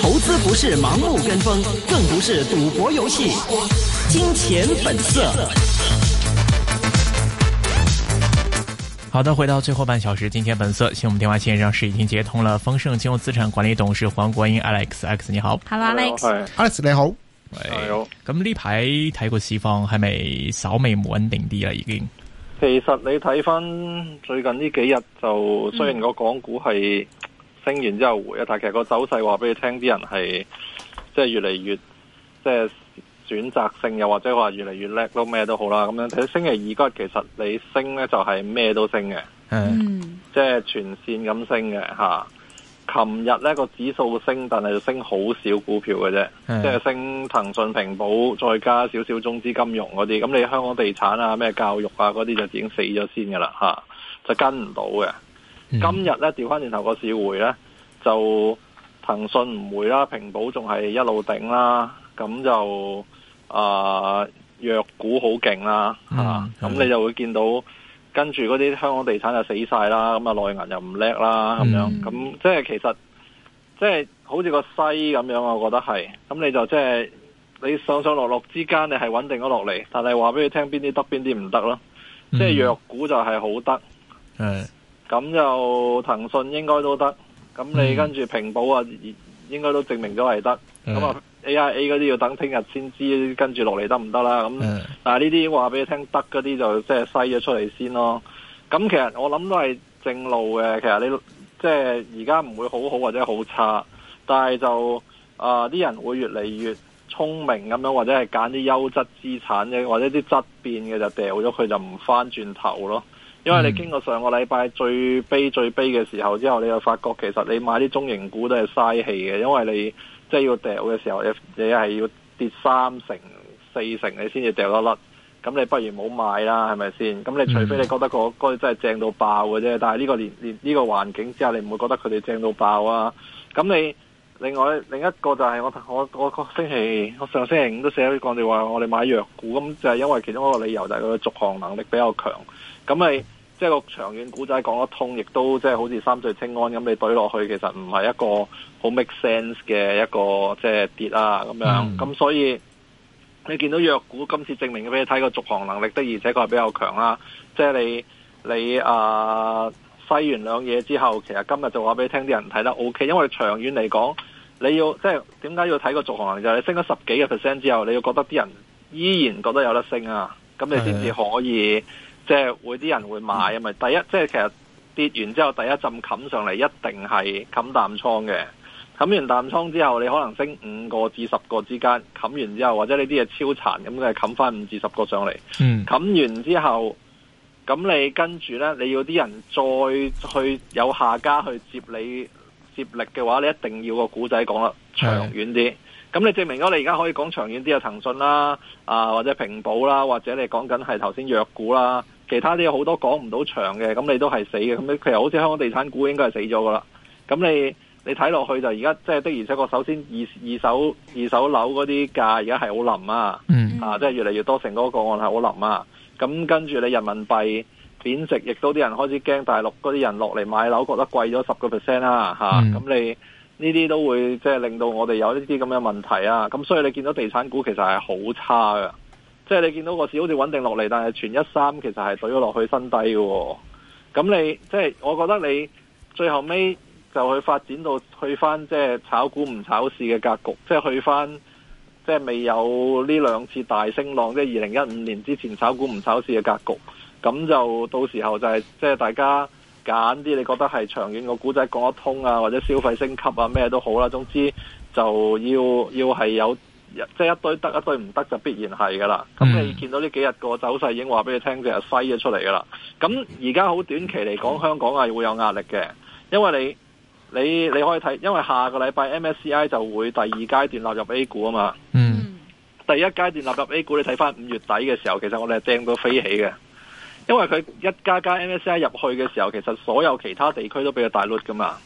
投資不是盲目跟風，更不是賭博遊戲。金錢本色。好的，回到最後半小時，金錢本色，請我們電話綫上是已經接通了。豐盛金融資產管理董事黃國英 Alex，Alex 你好。Hello，Alex。Alex 你好。哎喲，咁呢排泰國西方係咪稍微冇穩定啲啦？已經。其實你睇翻最近呢幾日就雖然個港股係升完之後回啊，但其實個走勢話俾你聽，啲人係即係越嚟越即係選擇性，又或者話越嚟越叻囉咩都好啦。咁樣睇星期二嗰日，其實你升呢，就係咩都升嘅，即係的全綫咁升嘅吓。琴日呢個指數升，但係就升好少股票嘅啫，的即係升騰訊、平保，再加少少中資金融嗰啲。咁你香港地產啊、咩教育啊嗰啲就已經死咗先噶啦，吓、啊、就跟唔到嘅。嗯、今日呢調翻轉頭個市回呢，就騰訊唔回啦，平保仲係一路頂啦。咁就啊弱、呃、股好勁啦，吓咁、嗯啊、你就會見到。跟住嗰啲香港地產死就死晒啦，咁啊內銀又唔叻啦，咁樣咁即係其實即係好似個西咁樣，我覺得係咁你就即係你上上落落之間你係穩定咗落嚟，但係話俾你聽邊啲得邊啲唔得咯，即係藥股就係好得，咁、嗯、就騰訊應該都得，咁你跟住平保啊，應該都證明咗係得，咁啊。AIA 嗰啲要等聽日先知，跟住落嚟得唔得啦？咁 Yeah.，但係呢啲話俾你聽得嗰啲就即係篩咗出嚟先咯。咁其實我諗都係正路嘅。其實你即係而家唔會好好或者好差，但係就啊啲、呃、人會越嚟越聰明咁樣，或者係揀啲優質資產嘅，或者啲質變嘅就掉咗佢就唔翻轉頭咯。因為你經過上個禮拜最悲最悲嘅時候之後，你就發覺其實你買啲中型股都係嘥氣嘅，因為你。即係要掉嘅時候，你你係要跌三成四成你，你先至掉落甩。咁你不如冇買啦，係咪先？咁你除非你覺得、嗰個、嗰個真係正到爆嘅啫。但係呢個年呢、呢個環境之下，你唔會覺得佢哋正到爆啊。咁你另外另一個就係我我我個星期我上星期五都寫咗講，你話我哋買藥股咁就係因為其中一個理由就係佢續航能力比較強。咁你。.即係個長遠古仔講得通，亦都即係好似三聚氰胺咁你懟落去，其實唔係一個好 make sense 嘅一個即係跌啊咁樣。咁、嗯、所以你見到弱股今次證明俾你睇個續航能力的，而且確係比較強啦啊。即係你你啊篩完兩嘢之後，其實今日就話俾你聽啲人睇得 O、OK, K，因為長遠嚟講，你要即係點解要睇個續航能力？就係、是、你升咗十幾個 percent 之後，你要覺得啲人依然覺得有得升啊，咁你先至可以。嗯。即係會啲人會買啊，咪第一，即係其實跌完之後，第一陣冚上嚟一定係冚淡倉嘅。冚完淡倉之後，你可能升五個至十個之間。冚完之後，或者你啲嘢超殘咁，佢係冚翻五至十個上嚟。嗯。冚完之後，咁你跟住呢，你要啲人再去有下家去接你接力嘅話，你一定要個故仔講得長遠啲。嗯。咁你證明咗你而家可以講長遠啲嘅騰訊啦，啊、呃、或者平保啦，或者你講緊係頭先弱股啦。其他啲有好多講唔到場嘅，咁你都係死嘅。咁你其實好似香港地產股應該係死咗噶啦。咁你你睇落去就而家即係的而且確，首先二二手二手樓嗰啲價而家係好冧啊，嗯、啊即係、就是、越嚟越多成嗰個，個案係好冧啊。咁跟住你人民幣貶值，亦都啲人開始驚大陸嗰啲人落嚟買樓，覺得貴咗十個 percent 啦嚇。咁、啊啊嗯啊、你呢啲都會即係令到我哋有呢啲咁嘅問題啊。咁所以你見到地產股其實係好差嘅。即係你見到個市好似穩定落嚟，但係全一三其實係懟咗落去新低嘅、哦。咁你即係、就是、我覺得你最後尾就去發展到去返即係炒股唔炒市嘅格局，即係去返即係未有呢兩次大升浪，即係二零一五年之前炒股唔炒市嘅格局。咁就到時候就係即係大家揀啲，你覺得係長遠嘅股仔講得通啊，或者消費升級啊咩都好啦。總之就要要係有。即係一堆得，一堆唔得就必然係噶啦。咁、嗯、你見到呢幾日個走勢已經話俾你聽，即係衰咗出嚟噶啦。咁而家好短期嚟講，香港係會有壓力嘅，因為你你你可以睇，因為下個禮拜 MSCI 就會第二階段納入 A 股啊嘛。嗯。第一階段納入 A 股，你睇翻五月底嘅時候，其實我哋係掟到飛起嘅，因為佢一加加 MSCI 入去嘅時候，其實所有其他地區都比較大率噶嘛，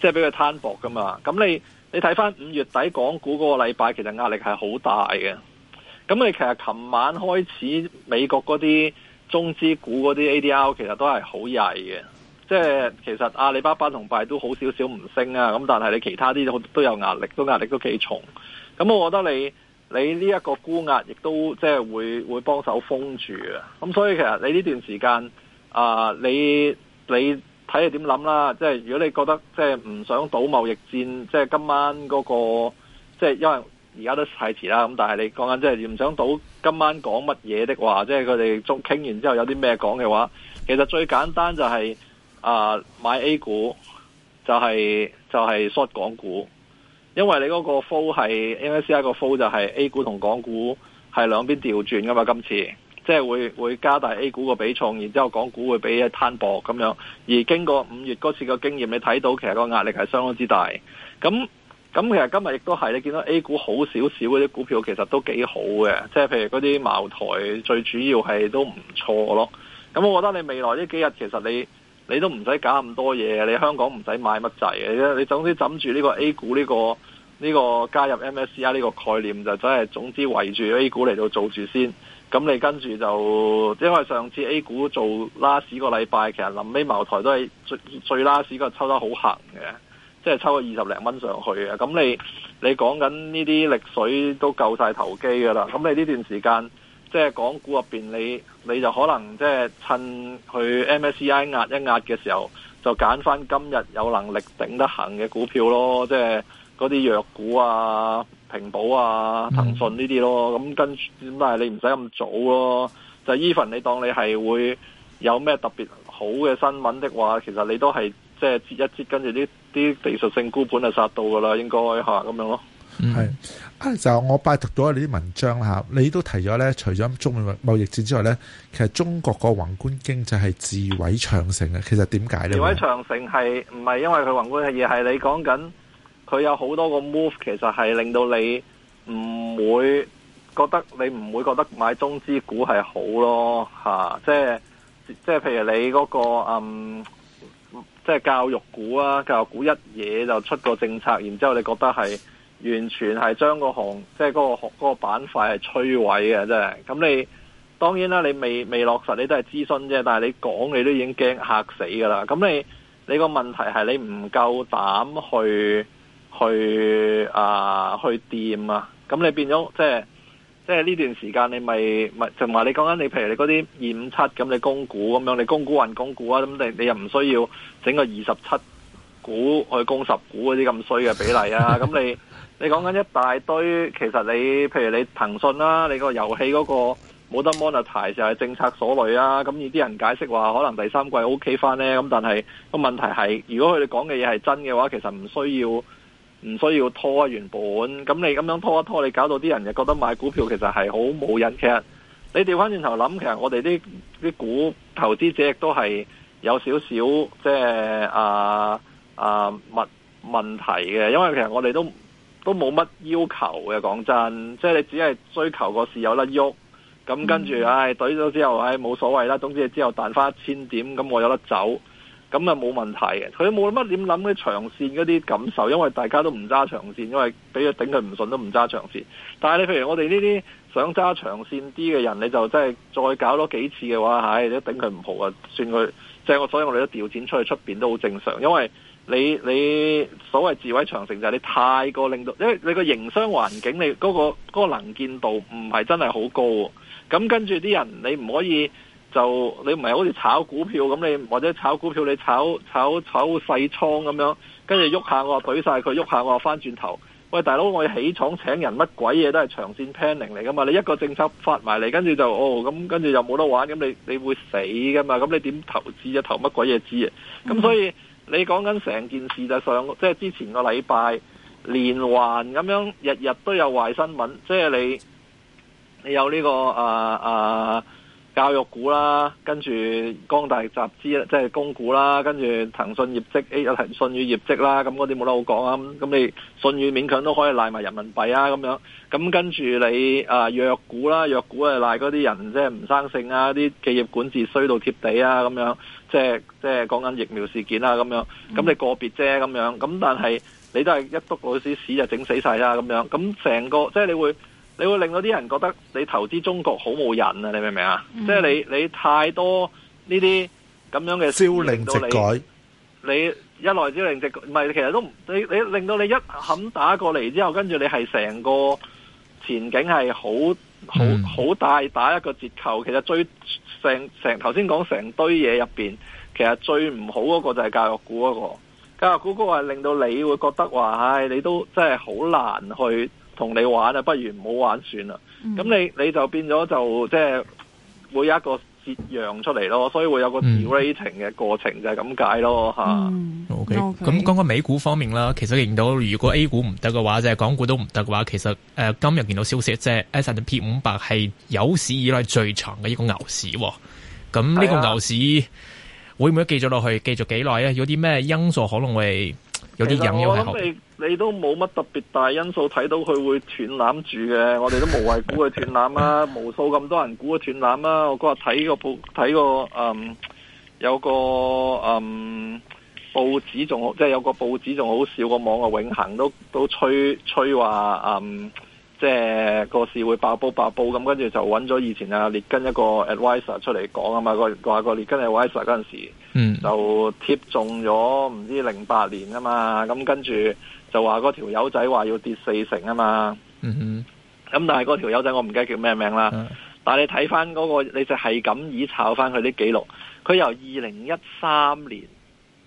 即係俾佢攤薄噶嘛。咁你。你睇翻五月底港股嗰個禮拜，其實壓力係好大嘅。咁你其實琴晚開始，美國嗰啲中資股嗰啲 ADR 其實都係好曳嘅。即係其實阿里巴巴同拜都好少少唔升啊。咁但係你其他啲都有壓力，都壓力都幾重。咁我覺得你你呢一個沽壓亦都即係會會幫手封住嘅。咁所以其實你呢段時間啊、呃，你你。睇你點諗啦，即係如果你覺得即係唔想賭貿易戰，即係今晚嗰、那個，即係因為而家都太遲啦。咁但係你講緊即係唔想賭今晚講乜嘢嘅話，即係佢哋都傾完之後有啲咩講嘅話，其實最簡單就係、是、啊、呃、買 A 股、就是，就係、是、就係 short 港股，因為你嗰個 full 係 MSCI 個 full 就係 A 股同港股係兩邊調轉㗎嘛，今次。即係會會加大 A 股個比重，然之後港股會俾一攤薄咁樣。而經過五月嗰次嘅經驗，你睇到其實個壓力係相當之大。咁咁其實今日亦都係你見到 A 股好少少嗰啲股票，其實都幾好嘅。即係譬如嗰啲茅台，最主要係都唔錯咯。咁我覺得你未來呢幾日，其實你你都唔使搞咁多嘢，你香港唔使買乜滯嘅。你總之枕住呢個 A 股呢個呢個加入 MSCI 呢個概念就真係總之圍住 A 股嚟到做住先。咁你跟住就，因為上次 A 股做 last 個禮拜，其實臨尾茅台都係最最 last 嗰抽得好行嘅，即係抽咗二十零蚊上去啊！咁你你講緊呢啲力水都夠晒投機噶啦，咁你呢段時間即係港股入邊，你你就可能即係趁去 MSCI 壓一壓嘅時候，就揀翻今日有能力頂得行嘅股票咯，即係嗰啲藥股啊。平保啊，騰訊呢啲咯，咁跟住但係你唔使咁早咯，啊。就 even 你當你係會有咩特別好嘅新聞的話，其實你都係即係接一接，跟住啲啲技術性沽盤，就殺到噶啦，應該吓咁樣咯。係就我拜讀咗你啲文章吓，你都提咗咧，除咗中美貿易戰之外咧，其實中國個宏觀經濟係自毀長城嘅。其實點解咧？自毀長城係唔係因為佢宏觀，而係你講緊？佢有好多個 move，其實係令到你唔會覺得你唔會覺得買中資股係好咯，嚇、啊！即係即係譬如你嗰個嗯，即係教育股啊，教育股一嘢就出個政策，然之後你覺得係完全係將個行，即係嗰個嗰個板塊係摧毀嘅，真係。咁你當然啦，你未未落實，你都係諮詢啫。但係你講，你都已經驚嚇死㗎啦。咁你你個問題係你唔夠膽去，去，呃、去啊，去掂啊！咁你變咗即係即係呢段時間，你咪咪就話你講緊你，譬如你嗰啲二五七咁，你供股咁樣，你供股還供股啊！咁你你又唔需要整個二十七股去供十股嗰啲咁衰嘅比例啊！咁你你講緊一大堆，其實你譬如你騰訊啦，你個遊戲嗰個冇得 monetize，就係政策所累啊！咁而啲人解釋話可能第三季 OK 翻呢，咁但係個問題係，如果佢哋講嘅嘢係真嘅話，其實唔需要。唔需要拖原本，咁你咁樣拖一拖，你搞到啲人就覺得買股票其實係好冇癮。其實你調翻轉頭諗，其實我哋啲啲股投資者亦都係有少少即係啊啊問問題嘅，因為其實我哋都都冇乜要求嘅。講真，即係你只係追求個市有得喐，咁跟住唉，跌咗、嗯哎、之後唉冇、哎、所謂啦。總之你之後彈翻一千點，咁我有得走。咁啊冇問題嘅，佢冇乜點諗啲長線嗰啲感受，因為大家都唔揸長線，因為俾佢頂佢唔順都唔揸長線。但係你譬如我哋呢啲想揸長線啲嘅人，你就真係再搞多幾次嘅話，唉、哎，你都頂佢唔好啊，算佢即係我，所以我哋都調錢出去出邊都好正常。因為你你所謂自毀長城就係你太過令到，因為你個營商環境你嗰個嗰個能見度唔係真係好高，咁跟住啲人你唔可以。就你唔係好似炒股票咁，你或者炒股票你炒炒炒，炒細倉咁樣，跟住喐下我懟晒佢，喐下我話翻轉頭。喂，大佬，我起廠請人，乜鬼嘢都係長線 planning 嚟噶嘛？你一個政策發埋嚟，跟住就哦咁，跟住就冇得玩，咁你你會死噶嘛？咁你點投資啊？投乜鬼嘢資啊？咁所以你講緊成件事就上，即係之前個禮拜連環咁樣，日日都有壞新聞。即係你你有呢個啊啊～啊教育股啦，跟住光大集資即係供股啦，跟住騰訊業績呃有騰訊與業績啦，咁嗰啲冇得好講啊。咁你信譽勉強都可以賴埋人民幣啊，咁樣。咁跟住你啊弱、呃、股啦，弱股啊賴嗰啲人即係唔生性啊，啲企業管治衰到貼地啊，咁樣。即係即係講緊疫苗事件啊，咁樣。咁你個別啫，咁樣。咁但係你都係一督老鼠屎就整死晒啦，咁樣。咁成個即係你會。你會令到啲人覺得你投資中國好冇癮啊！你明唔明啊？嗯、即係你你太多呢啲咁樣嘅招令，令到你。你一來招令直唔係其實都你你令到你一冚打過嚟之後，跟住你係成個前景係好好好大打一個折扣。嗯、其實最成成頭先講成堆嘢入邊，其實最唔好嗰個就係教育股嗰、嗰個教育股嗰個係令到你會覺得話唉、哎，你都真係好難去。同你玩啊，不如唔好玩算啦。咁、嗯、你你就變咗就即係、就是、會有一個折讓出嚟咯，所以會有個 de-rating 嘅過程就係咁解咯吓。O K，咁講講美股方面啦，其實見到如果 A 股唔得嘅話，即、就、係、是、港股都唔得嘅話，其實誒、呃、今日見到消息即係、就是、S and P 五百係有史以來最長嘅一個牛市。咁呢個牛市、啊、會唔會繼續落去，繼續幾耐啊？有啲咩因素可能會？有啲人我諗你你都冇乜特別大因素睇到佢會斷纜住嘅，我哋都無謂估佢斷纜啦， 無數咁多人估佢斷纜啦。我嗰日睇個報，睇個嗯，有個嗯報紙仲即係有個報紙仲好笑，那個網啊永行都都吹吹話嗯。即係個市會爆煲爆煲咁，跟住就搵咗以前阿列根一個 advisor 出嚟講啊嘛，個話個列根嘅 advisor 嗰陣時、嗯、就貼中咗唔知零八年啊嘛，咁跟住就話嗰條友仔話要跌四成啊嘛，咁、嗯、哼但係嗰條友仔我唔記得叫咩名啦，啊、但係你睇翻嗰個，你就係咁以炒翻佢啲記錄，佢由二零一三年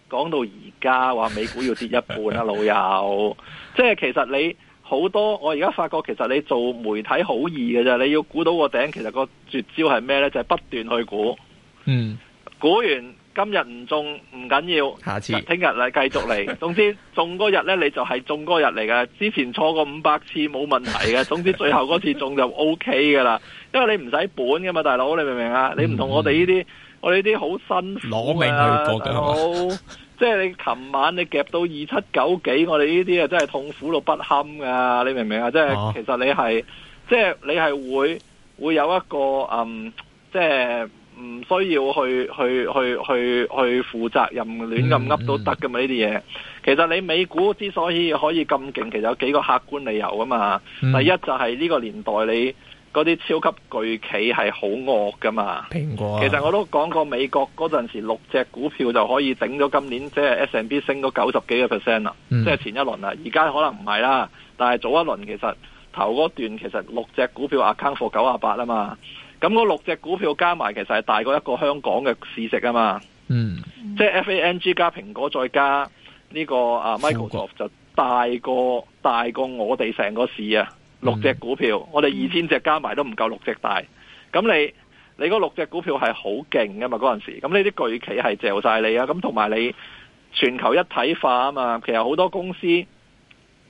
講到而家話美股要跌一半啊， 老友，即係其實你。好多，我而家發覺其實你做媒體好易嘅啫，你要估到個頂，其實個絕招係咩呢？就係、是、不斷去估。嗯，估完今日唔中唔緊要，下次聽日嚟繼續嚟。 總之中嗰日呢，你就係中嗰日嚟嘅。之前錯過五百次冇問題嘅，總之最後嗰次中就 O K 嘅啦。因為你唔使本嘅嘛，大佬，你明唔明啊？你唔同我哋呢啲，嗯、我哋呢啲好辛苦攞命去搏嘅。 即係你琴晚你夾到二七九幾，我哋呢啲啊真係痛苦到不堪噶，你明唔明啊？即係其實你係，即係你係會會有一個嗯，即係唔需要去去去去去，去負責任，亂咁噏都得噶嘛呢啲嘢。嗯嗯、其實你美股之所以可以咁勁，其實有幾個客觀理由啊嘛。第一就係呢個年代你。嗰啲超級巨企係好惡噶嘛？蘋果、啊、其實我都講過美國嗰陣時六隻股票就可以頂咗今年，即係 S B 嗯、即係 SMB 升到九十幾個 percent 啦，即係前一輪啊。而家可能唔係啦，但係早一輪其實頭嗰段其實六隻股票 account for 九啊八啊嘛。咁嗰六隻股票加埋其實係大過一個香港嘅市值啊嘛。嗯，即係 FANG 加蘋果再加呢個啊 Microsoft< 港>就大過大過我哋成個市啊！六隻股票，嗯、我哋二千隻加埋都唔夠六隻大。咁你你嗰六隻股票係好勁噶嘛？嗰陣時，咁呢啲巨企係嚼晒你啊！咁同埋你全球一體化啊嘛，其實好多公司，即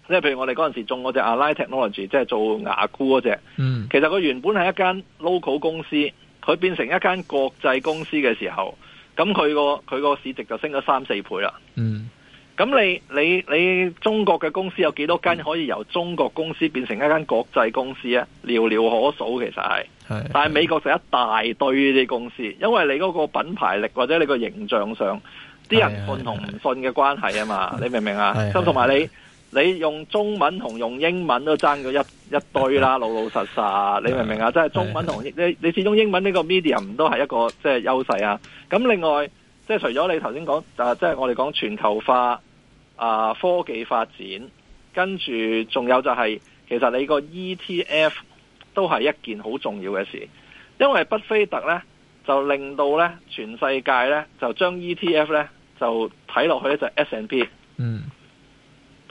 係譬如我哋嗰陣時中嗰隻 Align Technology，即係做牙箍嗰隻，嗯、其實佢原本係一間 local 公司，佢變成一間國際公司嘅時候，咁佢個佢個市值就升咗三四倍啦。嗯咁你你你中國嘅公司有幾多間可以由中國公司變成一間國際公司啊？寥寥可數，其實係，是但係美國就一大堆呢啲公司，因為你嗰個品牌力或者你個形象上，啲人信同唔信嘅關係啊嘛，是你明唔明啊？咁同埋你你用中文同用英文都爭咗一一堆啦，老老實實，你明唔明是啊？即係中文同你你始終英文呢個 medium 都係一個即係優勢啊。咁另外，即係除咗你頭先講，即係我哋講全球化。啊！科技發展，跟住仲有就係、是，其實你個 ETF 都係一件好重要嘅事，因為巴菲特呢就令到呢全世界呢就將 ETF 呢就睇落去呢就是、S&P 佢、嗯、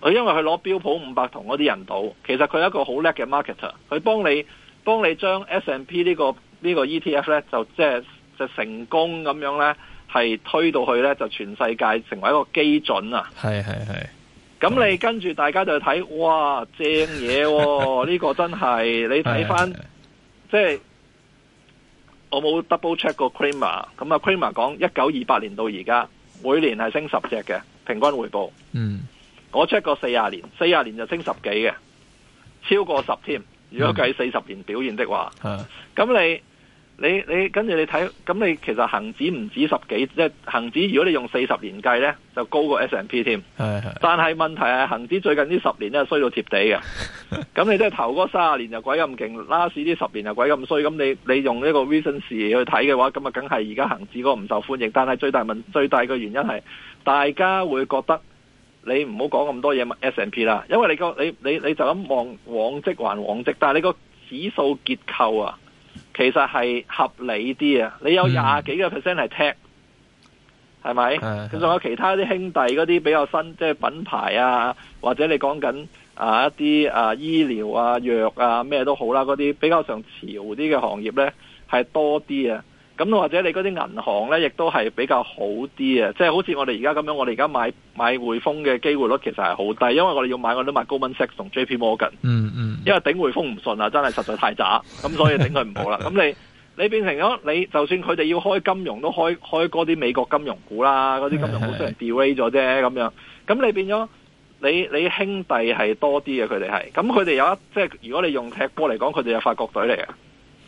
因為佢攞標普五百同嗰啲人賭，其實佢係一個好叻嘅 marketer 佢幫你幫你將 S&P、這個這個、呢個呢個 ETF 呢就即係就是就是、成功咁樣呢。係推到去呢，就全世界成為一個基準啊！係係係，咁 你跟住大家就睇，哇正嘢，哦！呢 個真係你睇翻， 即係我冇 double check 過 Cramer，咁啊 Cramer 講一九二八年到而家，每年係升十隻嘅平均回報。嗯，我 check 過四十年，四十年就升十幾嘅，超過十添。如果計四十年表現的話，咁、嗯、 你。你跟你跟住你睇，咁你其實恆指唔止十幾，即係恆指如果你用四十年計呢，就高過 S&P 添。是但係問題係恒指最近呢十年咧衰到貼地嘅。咁 你即係頭嗰三十年就鬼咁勁，last 啲十年又鬼咁衰。咁你你用呢個 recency 去睇嘅話，咁啊梗係而家恒指嗰個唔受歡迎。但係最大問最大嘅原因係大家會覺得你唔好講咁多嘢嘛 S&P 啦，因為你個你你，你就咁望往績還往績，但係你個指數結構啊。其實係合理啲啊！你有廿幾個 percent 係 tech，係咪、嗯？佢仲是有其他啲兄弟嗰啲比較新即係品牌啊，或者你講緊啊一啲啊醫療啊藥啊咩都好啦，嗰啲比較上潮啲嘅行業呢，係多啲啊！咁或者你嗰啲銀行咧，亦都係比較好啲啊！即係好似我哋而家咁樣，我哋而家買買匯豐嘅機會率其實係好低，因為我哋要買我都買 Goldman Sachs 同 JP Morgan。嗯嗯。因為頂匯豐唔順啊，真係實在太渣，咁 所以頂佢唔好啦。咁 你你變成咗你，就算佢哋要開金融都開開嗰啲美國金融股啦，嗰啲金融股雖然 delay 咗啫，咁樣，咁你變咗你你兄弟係多啲嘅，佢哋係。咁佢哋有一即係如果你用踢波嚟講，佢哋係法國隊嚟嘅。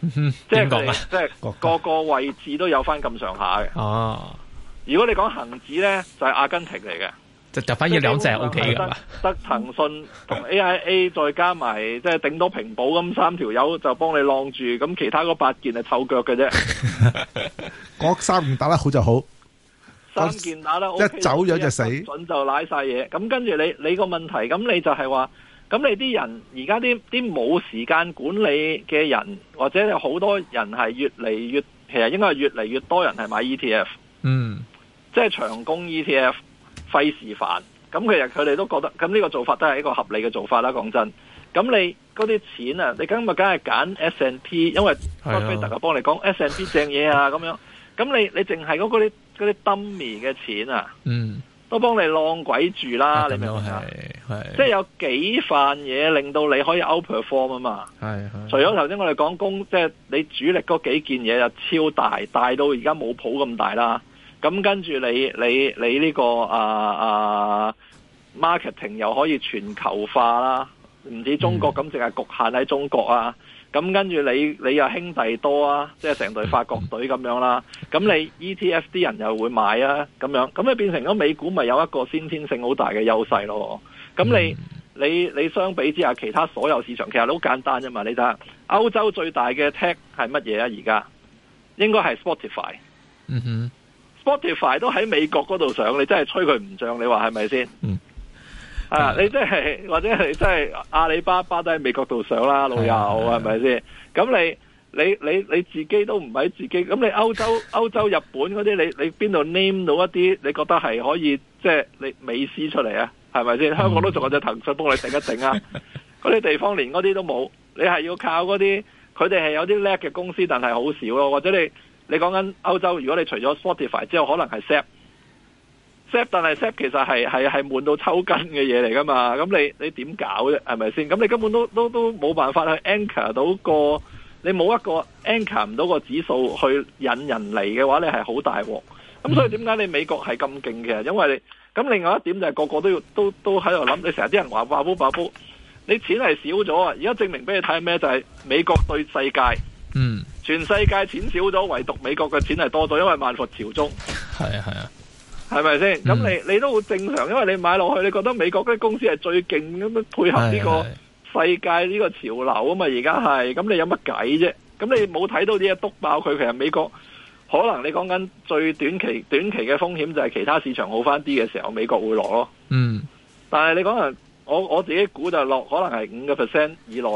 嗯、即係即係個個位置都有翻咁上下嘅。哦、啊，如果你講恒指咧，就係、是、阿根廷嚟嘅，就搭翻一兩隻 O K 噶嘛。得騰訊同 A I A 再加埋，即係頂多平保咁三條友就幫你晾住，咁其他嗰八件係臭腳嘅啫。嗰 三件打得好就好，三件打得好、OK。一走咗就死，準就瀨晒嘢。咁跟住你你個問題，咁你就係話。咁你啲人而家啲啲冇時間管理嘅人，或者有好多人係越嚟越，其實應該係越嚟越多人係買 ETF，嗯，即係長供 ETF，費事煩。咁其實佢哋都覺得，咁呢個做法都係一個合理嘅做法啦。講真，咁你嗰啲錢啊，你今日梗係揀 S&P，因為巴菲特又幫你講 S&P 正嘢啊，咁、啊、樣。咁你你淨係嗰啲嗰啲 dummy 嘅錢啊，嗯。都幫你浪鬼住啦，啊、你明唔明啊？即係有幾份嘢令到你可以 outperform 啊嘛。係，除咗頭先我哋講公，即係你主力嗰幾件嘢就超大，大到而家冇譜咁大啦。咁跟住你你你呢、這個、呃、啊啊 marketing 又可以全球化啦，唔止中國咁，淨係、嗯、局限喺中國啊。咁跟住你你又兄弟多啊，即係成隊法國隊咁樣啦。咁你 ETF 啲人又會買啊，咁樣咁你變成咗美股咪有一個先天性好大嘅優勢咯。咁你你你相比之下其他所有市場，其實都好簡單啫嘛。你睇下歐洲最大嘅 tech 係乜嘢啊？而家應該係 Spotify。嗯哼、mm hmm.，Spotify 都喺美國嗰度上，你真係吹佢唔脹，你話係咪先？嗯啊！你即係或者係即係阿里巴巴都喺美國度上啦，老友係咪先？咁、啊、你你你你自己都唔喺自己。咁你歐洲、 歐洲、日本嗰啲，你你邊度 name 到一啲？你覺得係可以即係、就是、你美斯出嚟啊？係咪先？香港都仲有隻騰訊幫你頂一頂啊！嗰啲 地方連嗰啲都冇，你係要靠嗰啲佢哋係有啲叻嘅公司，但係好少咯。或者你你講緊歐洲，如果你除咗 Spotify 之後，可能係 Snap。但係 s a t 其實係係係悶到抽筋嘅嘢嚟噶嘛？咁你你點搞啫？係咪先？咁你根本都都都冇辦法去 anchor 到個，你冇一個 anchor 唔到個指數去引人嚟嘅話，你係好大鑊。咁所以點解你美國係咁勁嘅？因為你咁另外一點就係個個都要都都喺度諗。你成日啲人話爆煲爆煲，你錢係少咗啊！而家證明俾你睇咩？就係、是、美國對世界，嗯，全世界錢少咗，唯獨美國嘅錢係多咗，因為萬佛朝宗。係啊係啊。係咪先？咁、嗯、你你都好正常，因為你買落去，你覺得美國啲公司係最勁咁配合呢個世界呢個潮流啊嘛？而家係，咁你有乜計啫？咁你冇睇到啲嘢督爆佢，其實美國可能你講緊最短期短期嘅風險就係其他市場好翻啲嘅時候，美國會落咯。嗯，但係你講啊，我我自己估就落可能係五個 percent 以內，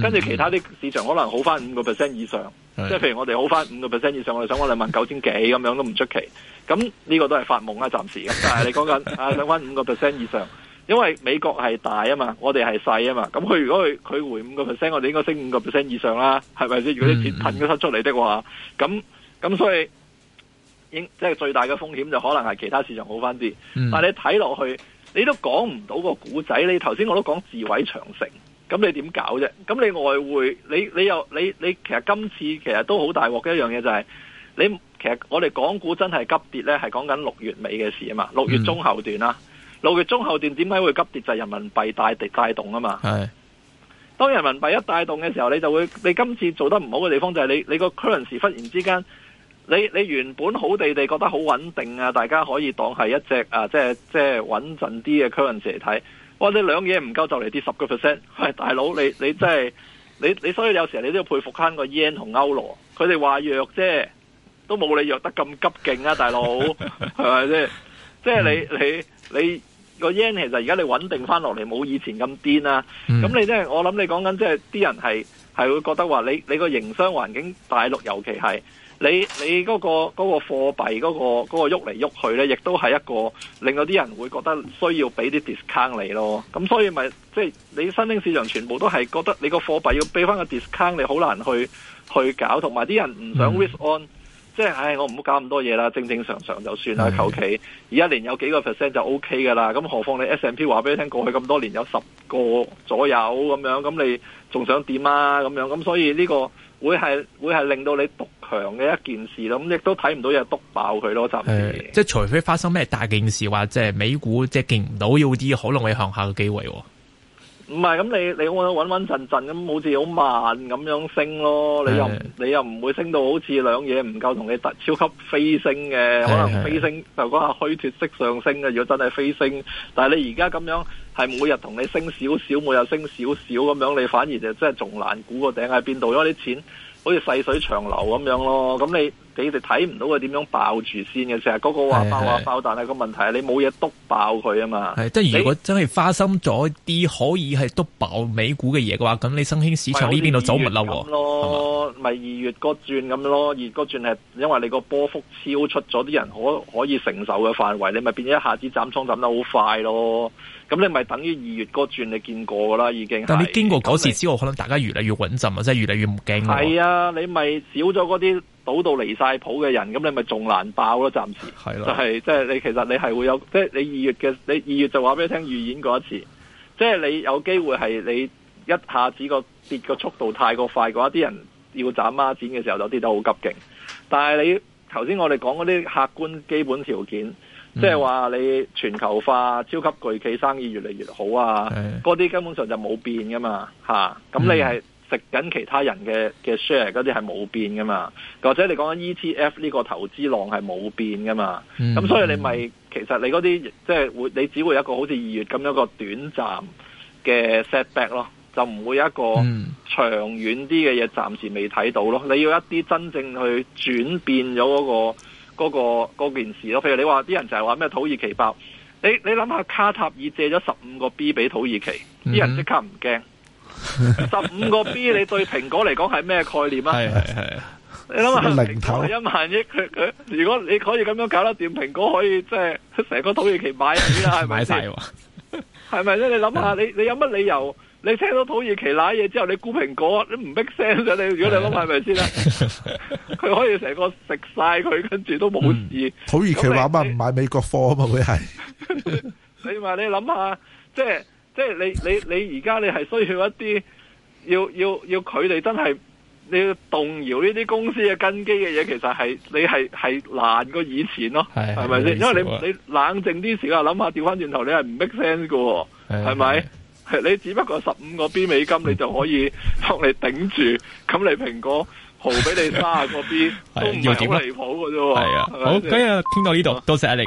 跟住、嗯、其他啲市場可能好翻五個 percent 以上。即係譬如我哋好翻五個 percent 以上，我哋想搵兩萬九千幾咁樣都唔出奇。咁呢個都係發夢啊，暫時。咁但係你講緊啊，想翻五個 percent 以上，因為美國係大啊嘛，我哋係細啊嘛。咁佢如果佢佢回五個 percent，我哋應該升五個 percent 以上啦，係咪先？Mm hmm. 如果你跌噴咗出出嚟的話，咁咁所以應即係最大嘅風險就可能係其他市場好翻啲。Mm hmm. 但係你睇落去，你都講唔到個古仔。你頭先我都講自毀長城。咁你點搞啫？咁你外匯，你你又你你，其實今次其實都好大鑊嘅一樣嘢就係、是，你其實我哋港股真係急跌呢，係講緊六月尾嘅事啊嘛，六月中後段啦、啊，嗯、六月中後段點解會急跌就係、是、人民幣帶跌帶動啊嘛。係是，當人民幣一帶動嘅時候，你就會你今次做得唔好嘅地方就係你你個 currency 忽然之間，你你原本好地地覺得好穩定啊，大家可以當係一隻啊即係即係穩陣啲嘅 currency 嚟睇。我哋兩嘢唔夠就嚟跌十個 percent，係大佬你你，你真係你你所以有時候你都要佩服慳個 yen 同歐羅，佢哋話弱啫，都冇你弱得咁急勁啊！大佬係咪先？即係你你你個 yen 其實而家你穩定翻落嚟，冇以前咁癲啦。咁 你，真我你講即係我諗你講緊即係啲人係係會覺得話你你個營商環境大陸尤其係。你你、嗰、嗰個嗰、嗰個貨幣嗰、嗰個喐嚟喐去咧，亦都係一個令到啲人會覺得需要俾啲 discount 你咯。咁所以咪、即係、即係你新興市場全部都係覺得你個貨幣要俾翻個 discount，你好難去去搞，同埋啲人唔想 risk on、嗯。即係，唉，我唔好搞咁多嘢啦，正正常常就算啦，求其而一年有幾個 percent 就 OK 噶啦咁何況你 S&P 話俾你聽，過去咁多年有十個左右咁樣，咁你仲想點啊？咁樣咁，所以呢個會係會係令到你獨強嘅一件事咯。咁亦都睇唔到嘢篤爆佢咯，暫時。即係除非發生咩大件事話，即係美股即係見唔到要啲可能會向下嘅機會。唔係咁，你你我穩穩陣陣咁，好似好慢咁樣升咯。的你又你又唔會升到好似兩嘢唔夠同你突超級飛升嘅，可能飛升就講下虛脫式上升嘅。如果真係飛升，但係你而家咁樣係每日同你升少少，每日升少少咁樣，你反而就真係仲難估個頂喺邊度，因為啲錢好似細水長流咁樣咯。咁你。你哋睇唔到佢點樣爆住先嘅，成日嗰個話爆啊爆，但係個問題係你冇嘢篤爆佢啊嘛。係即係如果真係花心咗啲可以係篤爆美股嘅嘢嘅話，咁你新興市場呢邊度走唔甩喎？咪二月個轉咁咯？二月個轉係因為你個波幅超出咗啲人可可以承受嘅範圍，你咪變咗一下子斬倉斬得好快咯。咁你咪等於二月嗰轉你見過啦，已經。但你經過嗰次之後，你可能大家越嚟越穩陣啊，即係越嚟越唔驚咯。係啊，你咪少咗嗰啲。賭到離晒譜嘅人，咁你咪仲難爆咯？暫時就，的就係、是、即係你其實你係會有，即係你二月嘅你二月就話俾你聽預演過一次，即係你有機會係你一下子個跌個速度太過快嘅話，啲人要斬孖展嘅時候就跌得好急勁。但係你頭先我哋講嗰啲客觀基本條件，即係話你全球化，超級巨企生意越嚟越好啊，嗰啲的根本上就冇變噶嘛吓，咁你係。嗯食緊其他人嘅嘅 share 嗰啲係冇變噶嘛，或者你講緊 ETF 呢個投資浪係冇變噶嘛，咁、嗯、所以你咪其實你嗰啲即係會，就是、你只會有一個好似二月咁樣一個短暫嘅 setback 咯，就唔會一個長遠啲嘅嘢暫時未睇到咯。你要一啲真正去轉變咗嗰、嗰個嗰、嗰個嗰件事咯。譬如你話啲人就係話咩土耳其爆，你你諗下卡塔爾借咗十五個 B 俾土耳其，啲、嗯、人即刻唔驚。十五 個 B，你對蘋果嚟講係咩概念啊？係係係，你諗下零頭一萬億佢，如果你可以咁樣搞得掂，蘋果可以即係成個土耳其買起啦，係咪先？買晒係咪咧？你諗下，你你有乜理由？你聽到土耳其瀨嘢之後，你估蘋果你唔 make sense。你如果你諗下係咪先啦？佢可以成個食晒佢，跟住都冇事、嗯。土耳其話乜唔買美國貨啊嘛，會係？你話你諗下，即係。即係你你你而家你係需要一啲要要要佢哋真係你要動搖呢啲公司嘅根基嘅嘢，其實係你係係難過以前咯的，係咪先？因為你冷想想想你冷靜啲時間諗下，調翻轉頭你係唔 make sense 嘅，係咪？你只不過十五個 B 美金你就可以幫你頂住，咁 你蘋果毫俾你卅個 B 都唔係好離譜嘅啫。係啊，好，今日傾到呢度，多謝 Alex